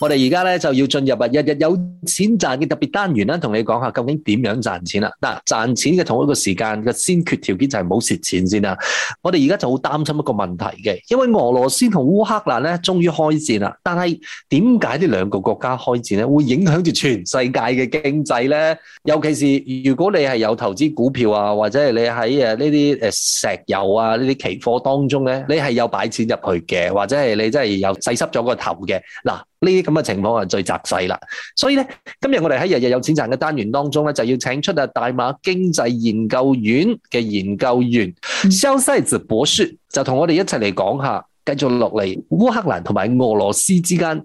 我哋而家咧就要進入啊，日日有錢賺嘅特別單元啦，同你講下究竟點樣賺錢啦？嗱，賺錢嘅同一個時間嘅先決條件就係唔好蝕錢先啦。我哋而家就好擔心一個問題嘅，因為俄羅斯同烏克蘭咧終於開戰啦。但係，點解呢兩個國家開戰咧，會影響住全世界嘅經濟咧？尤其是如果你係有投資股票啊，或者係你喺誒呢啲誒石油啊呢啲期貨當中咧，你係有擺錢入去嘅，或者係你真係有洗濕咗個頭嘅嗱。呢啲咁嘅情況係最雜碎啦，所以咧，今日我哋喺日日有錢賺嘅單元當中咧，就要請出啊大馬經濟研究院嘅研究員肖、mm-hmm. 賽子博士就同我哋一齊嚟講下，繼續落嚟烏克蘭同埋俄羅斯之間。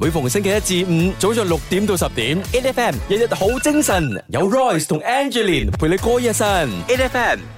每逢星期一至五早上六點到十點，A F M 日日好精神，有 Royce 同 Angelina 陪你過一晨，A F M。